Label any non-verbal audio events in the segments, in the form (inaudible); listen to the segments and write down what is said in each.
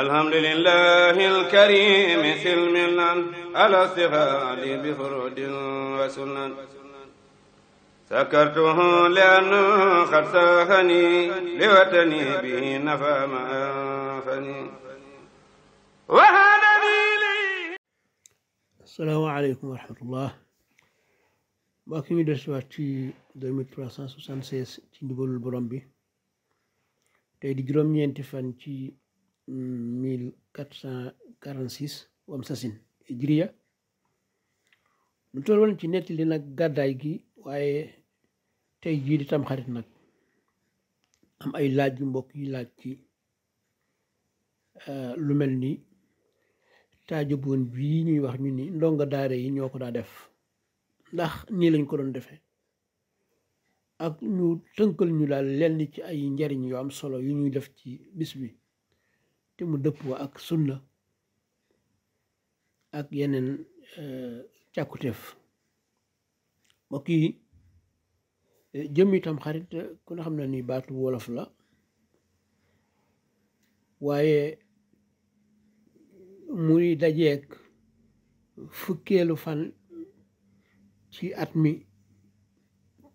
alhamdulillahi alkarimi silmilan alastifaad bifurud wa sunan sakartuhu lianna qad saahani liwatani bihi nafa ma anfani assalaamu aleykum wa rahmatullah mbokk ñu dellusiwaat ci 2376 ci ndigalul borom bi tey di juróom-ñeenti fan ci mille quatre cent quarante six wamsasin hijriya lu toll woon ci nettali nag gàddaay gi waaye tey jii di tam xarit nag am ay laaj yu mbokk yi laaj ci euh, lu mel ni taajuboon bii ñuy wax ñu ni ndongo daare yi ñoo ko daa def ndax nii lañ ko doon defee ak ñu tënkal ñu daal lenn ci ay njariñ yu am solo yu ñuy def ci bis bi te mu dëppoo ak sunna ak yeneen eh, càkkuteef mbokk yi eh, jëm xarit eh, ku na xam ne ni baatu wolof la waaye muy dajeek fukkeelu fan ci at mi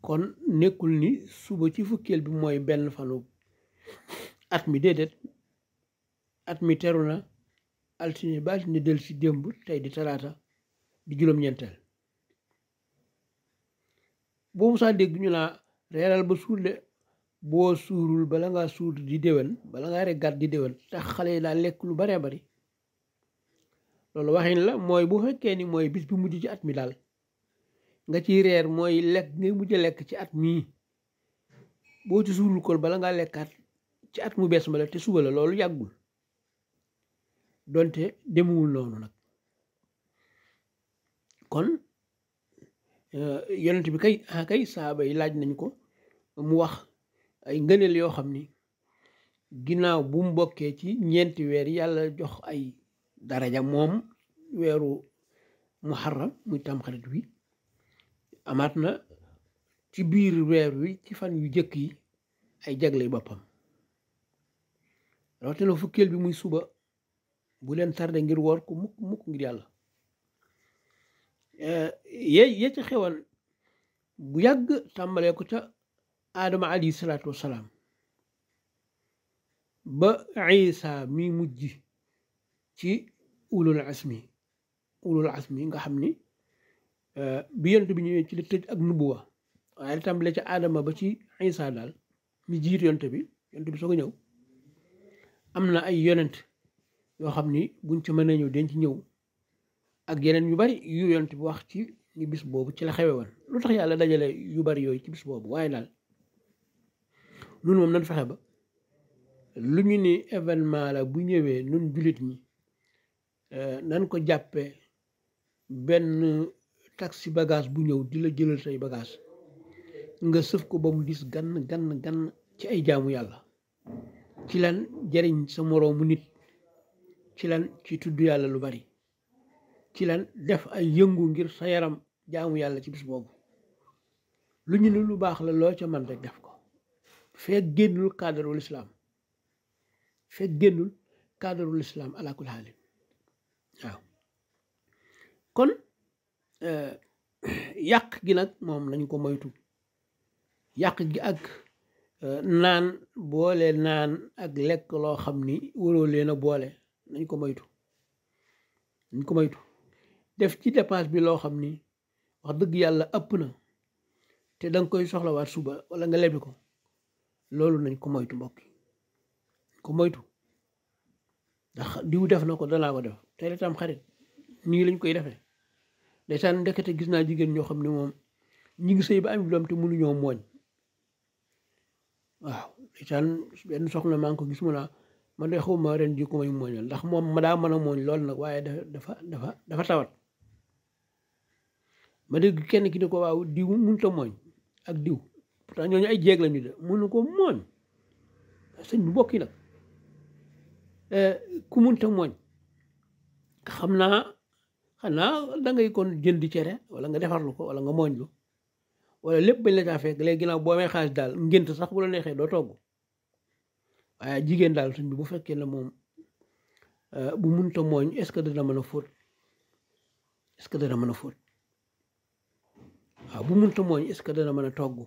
kon nekkul ni suba ci fukkeel bi mooy benn fanu at mi déedéet at mi teru na altine ba altine del si démb tey di talaata di juróom-ñeenteel boo musaa dégg ñu naa reeral ba suur de boo suurul bala ngaa suur di déwén bala ngaa reggaat di déwén tax xale yi daa lekk lu baree bari loolu waxin la mooy boo fekkee ni mooy bis bi mujj ci at mi daal nga ciy reer mooy lekk ngay mujj lekk ci at mii boo ci suurul kon bala ngaa lekkaat ci at mu bees ma la te suba la loolu yàggul donte demuwul noonu nag kon eh, yonent bi kay a ah, saaba yi laaj nañ ko mu wax ay ngëneel yoo xam ni ginnaaw bu mbokkee ci ñeenti weer yàlla jox ay daraja moom weeru muharram muy tamxarit wi amaat na ci biir weer wi ci fan yu jëkk yi ay jagle boppam rawatina fukkeel bi muy suba bu leen tarde ngir woor ko mukk mukk ngir yàlla ye eh, ye ca xewoon bu yàgg tàmbalee ko ca aadama alayhi salaatu wasalaam ba isa mi mujj ci ulul asmi ulul asmi nga xam ni eh, bi yonent bi ñëwee ci la ak nubuwa waaye tàmbale ca aadama ba ci isa daal mi jiit yonent bi yonent bi soo ñëw am na ay yonent yoo xam ni buñ ca mën a ñëw dañ ci ñëw ak yeneen yu bari yu yont bu wax ci ni bis boobu ci la xewe woon lu tax yàlla dajale yu bari yooyu ci bis boobu waaye daal nun moom nan fexe ba lu ñu ni événement la bu ñëwee nun jullit ñi euh, nan ko jàppee benn taxi bagage bu ñëw di la jëlal say bagage nga sëf ko ba mu gis gan gan gan ci ay jaamu yàlla ci lan jariñ sa moroomu nit ci lan ci tudd yàlla lu bari ci lan def ay yëngu ngir sa yaram jaamu yàlla ci bis boobu lu ñu ne lu baax la loo ca man rek def ko fekk génnul cadrewul islaam fekk génnul cadrewul islaam alaa waaw kon euh, (coughs) yàq gi nag moom nañ ko moytu yàq gi ak euh, naan boole naan ak lekk loo xam ni waroo leen a boole nañ ko moytu nañ ko moytu def ci dépense bi loo xam ni wax dëgg yàlla ëpp na te danga koy soxlawaat suba wala nga lebi ko loolu nañ ko moytu mbokk ko moytu ndax diw def na ko danaa ko def tey la tam xarit nii lañ koy defee ndeysaan ndekete gis naa jigéen ñoo xam ne moom ñi ngi sëy ba am doom te mënuñoo mooñ waaw ndeysaan benn soxna maa ngi ko gis mu naa man de xawma ren ji ku may mooñal ndax moom ma daa mën a mooñ lool nag waaye dafa dafa dafa tawat ma dégg kenn ki ne ko waaw diw mënut a mooñ ak diw pourtant ñooñu ay jéeg lañu de mënu ko mooñ sëñ bu bokki nag eh, ku mënut a mooñ xam naa xanaa da ngay kon jënd cere wala nga defarlu ko wala nga mooñ lu wala lépp bañ la caa fekk léegi ginnaaw boo may xaalis daal ngént sax bu la neexee doo togg waaye jigéen daal suñ bi bu fekkee na moom euh, bu munta mooñ est-ce que dana mën a fóot est-ce que dana mën a fóot waaw bu munta mooñ est-ce que dana mën a togg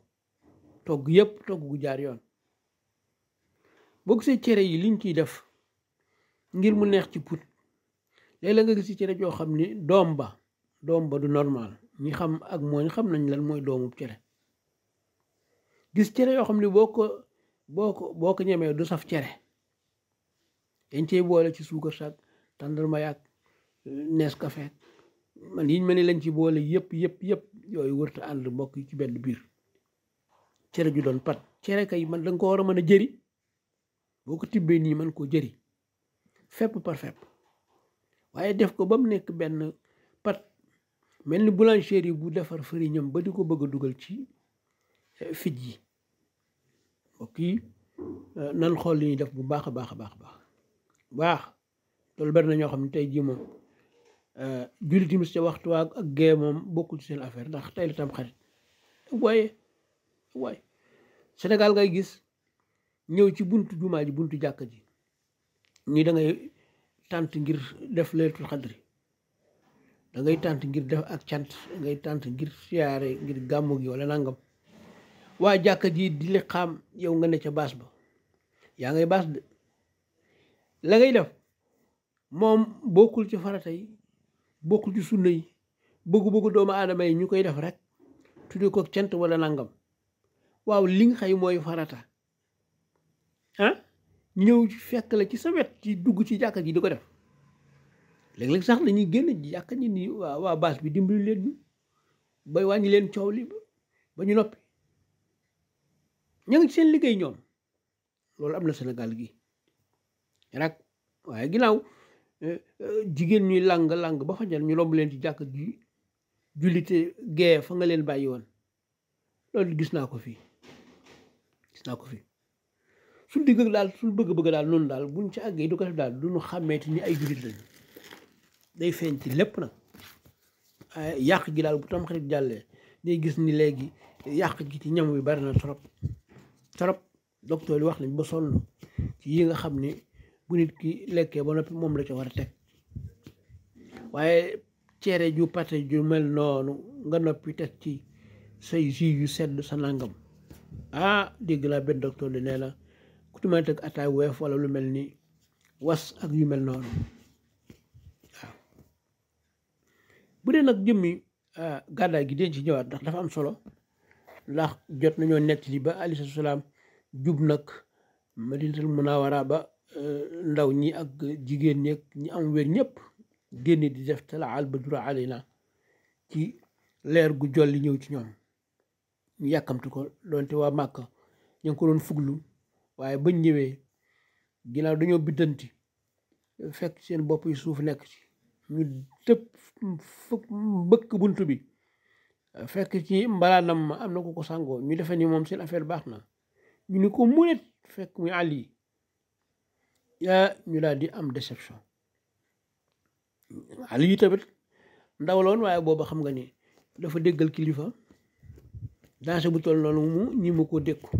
togg yépp togg gu jaar yoon boo gisee cere yi liñ ciy def ngir mu neex ci put léeg-léeg nga gis ci cere joo xam ni doom ba doom ba du normal ñi xam ak mooñ xam nañ lan mooy doomu cere gis cere yoo xam ni boo ko boo ko boo ko ñemee du saf cere dañ cey boole ci suukar saak tàndarma yaag nees kafe man yiñ ma ni lañ ci boole yëpp yëpp yëpp yooyu wërta ànd mbokk yi ci benn biir cere ju doon pat cere kay man dañ ko war a mën a jëri boo ko tibbee nii man koo jëri fepp par fepp waaye def ko ba mu nekk benn pat mel ni boulangerie yi bu defar fariñam ba di ko bëgg a dugal ci eh, fij yi kii euh, nan xool yi ñuy def bu baax a baax a baax a baax baax loolu bari na ñoo xam ne tey jii moom euh, julli timis ca waxtu waa ak gee moom bokkul seen affaire ndax tey la tam xarit waaye waaye Sénégal ngay gis ñëw ci buntu jumaa ji buntu jàkka ji ñii da tànt ngir def leetul xadri da tànt ngir def ak cant da ngay tànt ngir siyaare ngir gàmmu gi wala nangam waa jàkka ji di li yow nga ne ca baas ba yaa ngay baas de la ngay def moom bokkul ci farata yi bokkul ci sunna yi bëggu-bëggu doomu aadama yi ñu koy def rek tudde ko cent walla nangam waaw li nga xay mooy farata ah ñëw fekk la ci sa wet ci dugg ci jàkka ji di ko def léeg-léeg sax dañuy génn ji jàkka ji ni waa baas bi dimbali leen bay wàññi leen coow li ba ñu noppi ña seen liggéey ñoom loolu am na senegal gi rak waaye ginnaaw eh, eh, jigéen ñuy làng-làng ba fajar ñu romb leen ci jàkk ji jullite gee fa nga leen bàyyi woon loolu gis naa ko fii gis naa ko fii suñ digg daal suñ bëgg-bëgg daal noonu daal buñ ci àggee du ko def daal duñu xàmmeeti ni ay jullit lañu day feeñ ci lépp nag yàq gi daal bu tam jàllee day gis ni léegi yàq gi ci ñam wi bari na trop trop docteur li wax nañ ba sonn ci yi nga xam ni bu nit ki lekkee ba noppi moom la ci war a teg waaye cere ju pate ju mel noonu nga noppi teg ci say jus yu sedd sa nangam ah dégg laa benn docteur di nee la ku ci teg ataay weef wala lu mel ni was ak yu mel noonu waaw bu dee nag jëmmi ah, gàddaay gi den ci ñëwaat ndax dafa am solo ndax jot nañoo nekk di ba alayhi salaam jub nag madinatul munawara ba euh, ndaw ñi ak jigéen ñi ak am wér ñëpp génne di def talaal badru alayna ci leer gu jolli ñëw ci ñoom ñu yàkkamti ko doonte waa Màkka ñu ngi ko doon fuglu waaye bañ ñëwee ginaaw dañoo biddanti fekk seen bopp yi suuf nekk ci ñu tëpp fukk mbëkk bunt bi fekk ci mbalaanam ma am na ku ko sangoo ñu defe ni moom seen affaire baax na ñu ni ko munet fekk muy àll yi yaa ñu daal di am déception àll yi tamit ndaw la woon waaye booba xam nga ni dafa déggal kilifa dansé bu toll noonu mu ñi ma ko dékku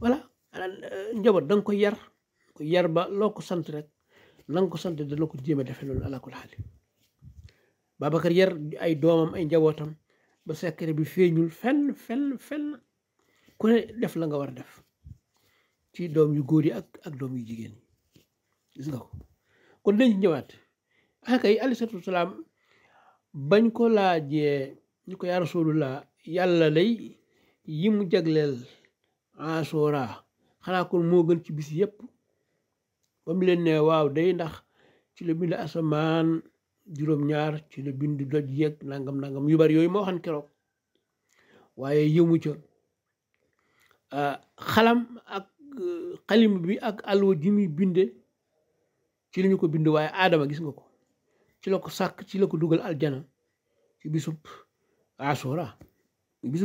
voilà euh, njaboot da nga ko yar ko yar ba loo ko sant rek nan nga ko sant dana ko jéem a defe loolu alaa kulli Babacar yar ay doomam ay njabootam ba secret bi feeñul fenn fenn fenn ku def la nga war def ci doom yu góor yi ak ak doom yu jigéen gis nga ko kon dañ ñëwaat akay ah, aleyhi salaatu wa bañ ko laajee ñu ko yaa rasulullah yàlla lay yi mu jagleel asora xanaa kon moo gën ci bis yëpp ba mu leen ne waaw day ndax ci la bind asamaan juróom-ñaar ci la bind doj yeeg nangam nangam yu bari yooyu ma waxan keroog waaye yëmu ca ah, xalam ak euh, xalim bi ak alwa ji muy ci la ñu ko bind waaye aadama gis nga ko ci la ko sàkk ci la ko dugal aljana ci bisub asura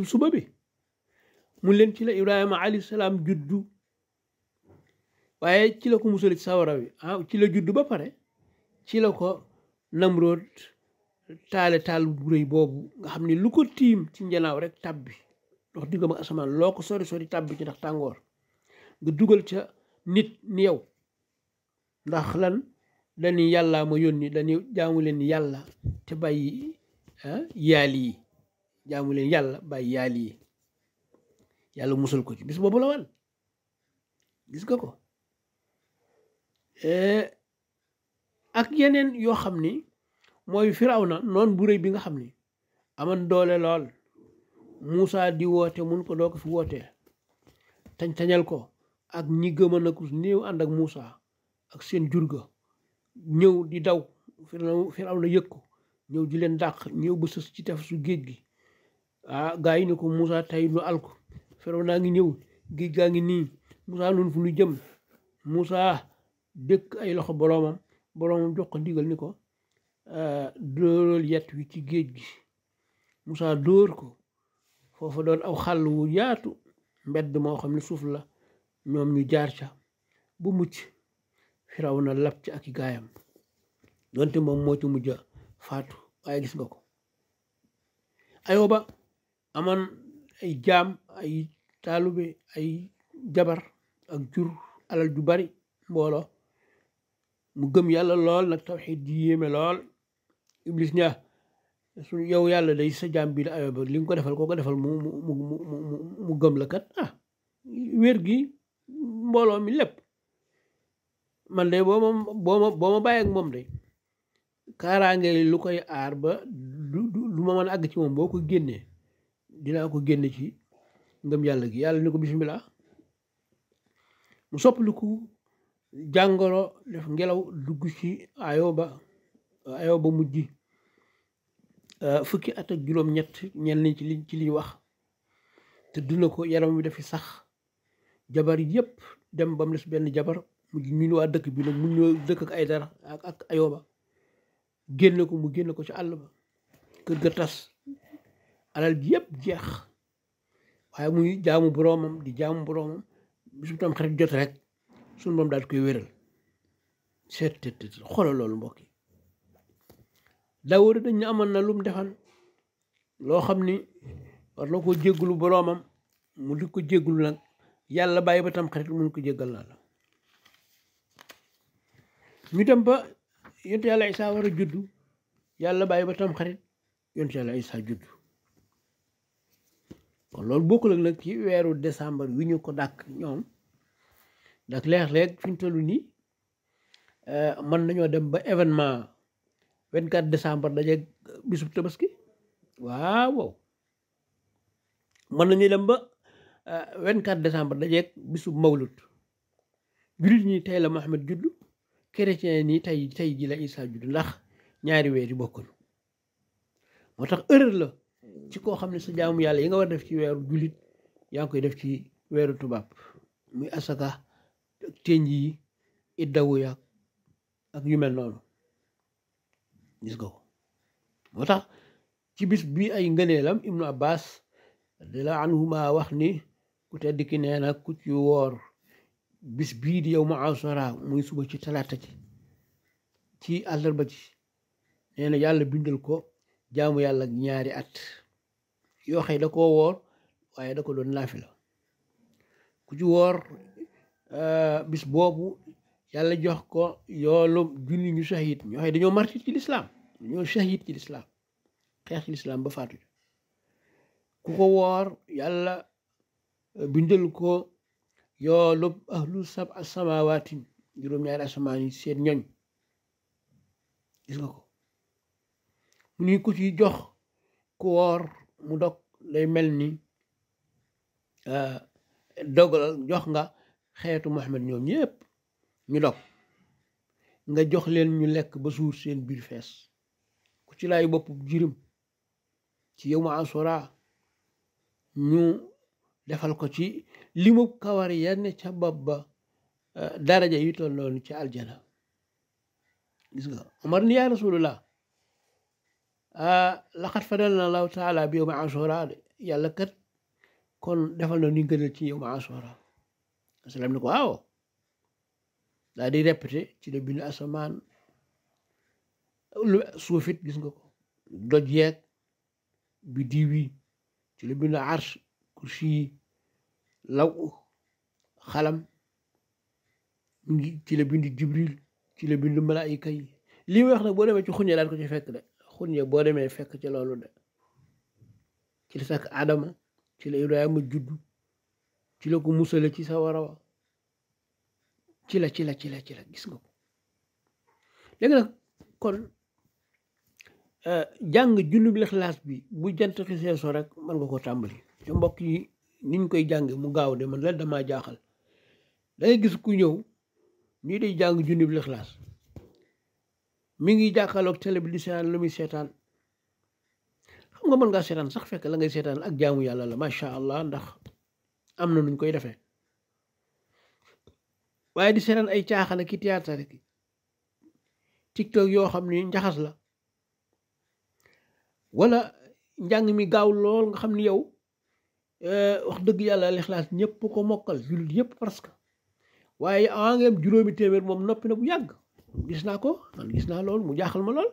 suba bi mu leen ci la ibrahima alayhi juddu waaye ci la ko musale ci sawara wi ah ci la juddu ba pare ci ko namrood taale taal bu boobu nga xam ne lu ko tiim ci njanaaw rek tàbbi dox diggam ak asamaan loo ko sori sori tàbbi ci ndax tàngoor nga dugal ca nit ni yow ndax lan dañuy yàllaa ma yónni dañuy jaamu leen yàlla te bay yaal yi jaamu leen yàlla bay yaal yi yàlla musal ko ci bis boobu la wan gis nga ko eh, ak yeneen yoo xam ni mooy firaw na noon bu réy bi nga xam ni aman doole lool Moussa di woote mun ko doo ko fi wootee tañ-tañal ko ak ñi gëma na ku néew ànd ak Moussa ak seen jurgo ñëw di daw firawna yëg ko ñëw di leen dàq ñëw ba sës ci tef tefesu géej gi ah gaa yi ni ko Moussa tey nu alko feraw naa ngi ñëw géej gaa ngi nii Moussa nun fu nu jëm Moussa dëkk ay loxo boroomam boroom jox ko ndigal ni ko eh, dóoral yet wi ci géej gi musaa dóor ko foofa doon aw xàll wu yaatu mbedd moo xam ni suuf la ñoom ñu jaar ca bu mucc firaw na lab ci ak i gaayam donte moom moo ci mujj faatu waaye gis nga ko ayoba amoon ay jaam ay taalube ay jabar ak jur alal ju bari mbooloo mu gëm yàlla lool nag tawxiid ji yéeme lool iblis ña su yow yàlla day sa jaam bi la ba li nga ko defal koo ko defal mu mu mu mu gëm la kat ah wér gi mbooloo mi lépp man de boo ma boo ma boo moom de kaaraange lu koy aar ba du du ma mën a àgg ci moom boo ko génnee dinaa ko génne ci ngëm yàlla gi yàlla ni ko bisimilah mu soppaliku jàngoro def ngelaw dugg ci ayoba ayoba mujj euh, fukki at ak juróom-ñett ñenn ci ci liñ wax te duna ko yaram wi dafi sax jabar yëpp dem bam mu benn jabar mujj ñu waa dëkk bi nag mu ñëw dëkk ak ay ak ak ayoba génne ko mu génne ko ci àll ba kër ga tas alal ji yëpp jeex waaye muy jaamu boroomam di jaamu boroomam bisu tam xarit jot rek suñu moom daal koy wéral seet loolu mbokk yi Daawuda dañ ne amoon na lu mu defal loo xam ni war na ko jégglu boroomam mu di ko jégglu nag yàlla bàyyi ba tam xarit mun ko jéggal naa la ñu dem ba yontu yàlla Isaa war juddu yàlla bàyyi ba tam xarit yontu juddu kon loolu bokkul ak nag ci weeru décembre wi ñu ko dàkk ñoom ndax léeg-léeg fi ñu toll nii euh, mën nañoo dem ba événement 24 décembre dajeeg bisub tabaski waaw mën nañu dem ba 24 euh, décembre dajeeg bisub mawlut jullit ñi tey la Mohamed juddu chrétien nii tey tey ji la Isa judd ndax ñaari weer yi moo tax erreur la ci koo xam ne sa jaamu yàlla yi nga war def ci weeru jullit yaa ngi koy def ci weeru tubaab muy asaka téñ yi iddawu ak yu mel noonu gis nga ko moo tax ci bis bii ay ngëneelam ibnu abbas radiyallahu anhuma wax ni ku tedd ki nee na ku ci woor bis bii di yow ma asura muy suba ci talaata ci ci àllarba ci nee yàlla bindal ko jaamu yàlla ñaari at yoo xëy da koo woor waaye da doon naafi ku ci woor Euh, bis boobu yàlla jox ko yoolu junni ñu shahid ñoo xam dañoo martir ci lislaam dañoo shahid ci lislaam xeex ci lislaam ba faatu ku ko woor yàlla euh, bindal ko yoolu ahlu sab asamawaatin juróom-ñaari asamaan yi seen ñoñ mu ni ku ci jox ku woor mu dog lay mel ni euh, dogal jox nga xeetu Muhammad ñoom ñëpp ñu dog nga jox leen ñu lekk ba suur seen biir fees ku ci laay bopp jirim ci yow ma asura ñu defal ko ci limu mu kawar yenn ca bopp ba eh, daraja yi toll ci aljana gis nga Omar ni yaa rasulullah ah, laqad na allahu taala bi yow asura de yàlla kat kon defal na ni gënal ci yow asura asalaam ne ko waaw daal di répété ci la bind asamaan suufit gis nga ko doj yeeg biddiw yi ci la bind arsh kursi law xalam mu ngi ci la bind jibril ci la bind malaayika yi lii wax nag boo demee ci xunñe daan ko ci fekk de xunñe boo demee fekk ci loolu de ci la fekk adama ci la ibrahima juddu ci la ko musale ci sawara wa ci la ci la ci la ci la gis nga ko léegi nag kon euh, jàng junub lixlaas bi bu jant xisee so rek mën nga ko tàmbali te mbokk yi niñ koy jànge mu gaaw de man la dama jaaxal dangay gis ku ñëw ñii day jàng junub lixlaas mi ngi jàkkaarloog télé bi di seetaan lu muy seetaan xam nga man ngaa seetaan sax fekk la ngay seetaan ak jaamu yàlla la macha allah ndax am na nuñ koy defee waaye di seetaan ay caaxaan ki théâtre ki tiktok yoo xam ni njaxas la walla njàng mi gaaw lool nga xam ni yow eh, wax dëgg yàlla lixlaas ñëpp ko mokkal jullit yëpp que waaye angeem juróomi téeméer moom noppi na bu yàgg gis naa ko man gis naa lool mu jaaxal ma lool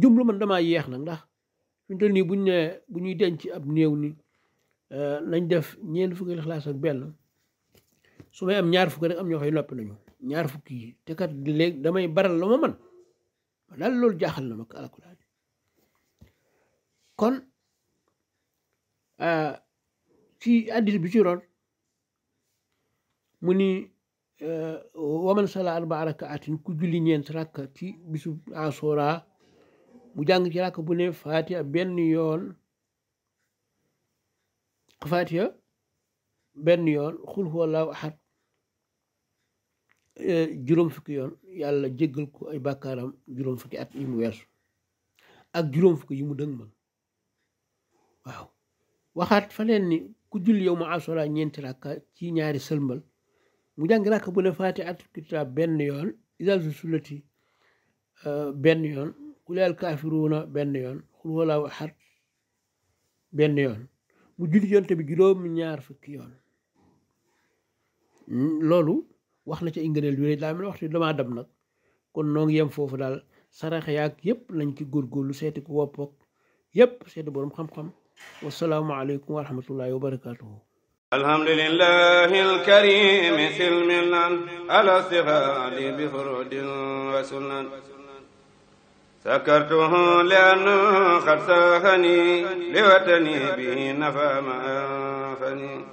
jumlu man damaa yeex nag ndax fi mu toll nii buñ ne bu ñuy denc ab néew nii Euh, nañ def ñeent fukki lixlaas ak benn su may am ñaar fukki rek am ñoo xëy noppi nañu ñaar fukki yi te kat damay baral la ma man daal loolu jaaxal na ma alakulaal kon euh, ci addis bi ci mu ni euh, waman sala arbaa rakaatin ku julli ñeent rakka ci bisu asora mu jàng ci bu ne faatiha benn yoon faatiha benn yoon xul eh, ko ay bàkkaaram fukki at yi ak juróom yi mu dëng man waaw ni ku julli yow mu asora ñeenti rakka ci ñaari sëlmal mu jàngi bu ne faati at kitaab benn yoon isal su eh, benn yoon xuleel kaafiruuna benn yoon xul huwallaahu ahad benn yoon mu julli yonte bi juróom ñaar fukki yoon loolu wax na ci ingëneel yu daa mel waxtu damaa dab nag kon noo ngi foofu daal saraxe yaag yëpp nañ ci góorgóorlu seeti ku woppook yëpp seeti boroom xam-xam wasalaamu aleykum wa rahmatullahi wa barakaatuhu alhamdulillahi alkarimi silmilan ala sirali bi furudin wa sunan سكرته لأنه قد ساخني لوطني به نفى ما أنفني